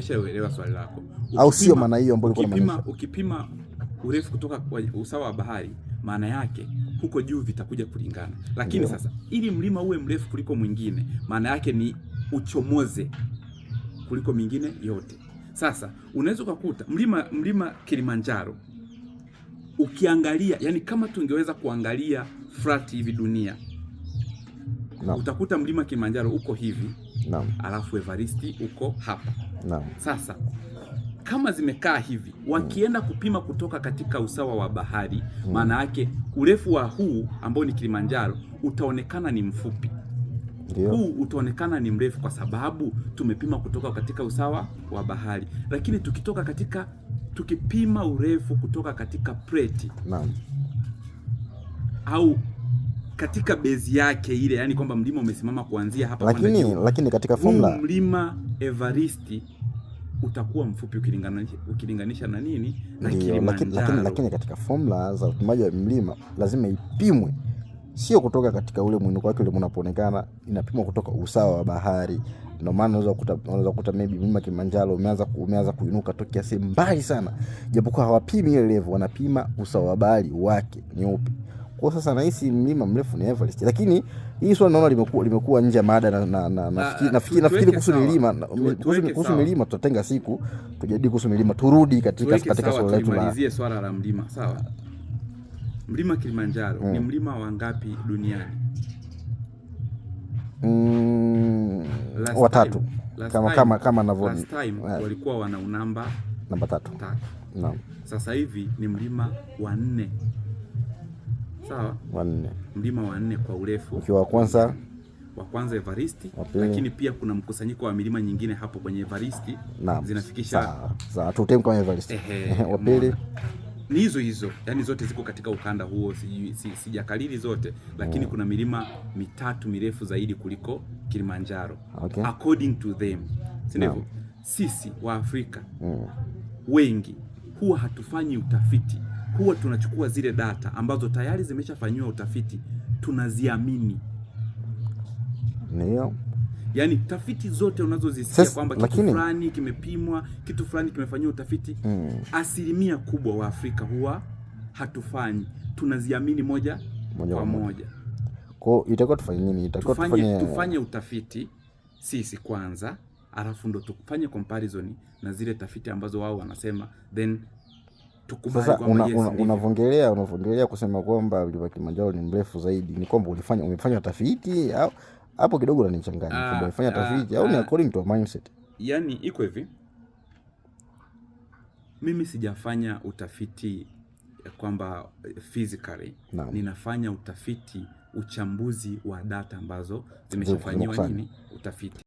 nimeshaelewa swali lako, au sio? Maana hiyo ambayo ukipima, ukipima urefu kutoka usawa wa bahari, maana yake huko juu vitakuja kulingana, lakini yeah. Sasa ili mlima uwe mrefu kuliko mwingine, maana yake ni uchomoze kuliko mingine yote. Sasa unaweza ukakuta mlima mlima Kilimanjaro ukiangalia, yani kama tungeweza kuangalia flat hivi dunia no. Utakuta mlima Kilimanjaro uko hivi no. Alafu Everest uko hapa Naam. Sasa kama zimekaa hivi wakienda kupima kutoka katika usawa wa bahari, mm. maana yake urefu wa huu ambao ni Kilimanjaro utaonekana ni mfupi. Ndiyo. Huu utaonekana ni mrefu kwa sababu tumepima kutoka katika usawa wa bahari, lakini tukitoka katika tukipima urefu kutoka katika preti naam, au katika bezi yake ile, yani kwamba mlima umesimama kuanzia hapa, lakini, lakini katika formula mlima Everest utakuwa mfupi ukilinganisha, ukilinganisha na nini na Kilimanjaro. Lakini katika formula za upimaji wa mlima lazima ipimwe sio kutoka katika ule mwinuko wake ule unapoonekana, inapimwa kutoka usawa wa bahari. Ndio maana unaweza kukuta unaweza kukuta maybe mlima Kilimanjaro umeanza umeanza kuinuka tokea sehemu mbali sana, japokuwa hawapimi ile level, wanapima usawa wa bahari wake nyeupe kwa sasa nahisi mlima mrefu ni Everest, lakini hii swali naona limekuwa limekuwa nje ya mada na, na, na, nafikiri na nafikiri kuhusu milima kuhusu milima tutatenga siku tujadili kuhusu milima, turudi katika tuweke katika swali letu la swala la mlima. Sawa, mlima Kilimanjaro hmm. ni mm. mlima wa ngapi duniani? Mm, watatu kama kama kama na last time yeah. walikuwa wana unamba namba tatu. Naam, sasa hivi ni mlima wa nne sawa, wanne, mlima nne kwa urefu, ukiwa wa kwanza wa kwanza Evaristi, lakini pia kuna mkusanyiko wa milima nyingine hapo kwenye Evaristi zinafikisha sawa, tutemu kama Evaristi. Wa pili ni hizo hizo, yani zote ziko katika ukanda huo, sijakalili si, si zote lakini mm. kuna milima mitatu mirefu zaidi kuliko Kilimanjaro okay. according to them, si ndivyo? Sisi wa Afrika mm. wengi huwa hatufanyi utafiti huwa tunachukua zile data ambazo tayari zimeshafanyiwa utafiti, tunaziamini. Ndio. Yaani tafiti zote unazozisikia kwamba kitu fulani kimepimwa, kitu fulani kimefanyiwa utafiti mm. Asilimia kubwa wa Afrika huwa hatufanyi, tunaziamini moja, moja kwa moja. Kwa hiyo itakuwa tufanye nini? Itakuwa tufanye tufanye utafiti sisi kwanza, alafu ndo tufanye comparison na zile tafiti ambazo wao wanasema then sasa unavongelea una, una kusema kwamba mlima Kilimanjaro ni mrefu zaidi, ni kwamba ulifanya umefanya tafiti au hapo kidogo unanichanganya, ah, umefanya ah, tafiti au ni ah. according to mindset? Yani iko hivi, mimi sijafanya utafiti kwamba eh, physically na, ninafanya utafiti uchambuzi wa data ambazo zimeshafanyiwa nini utafiti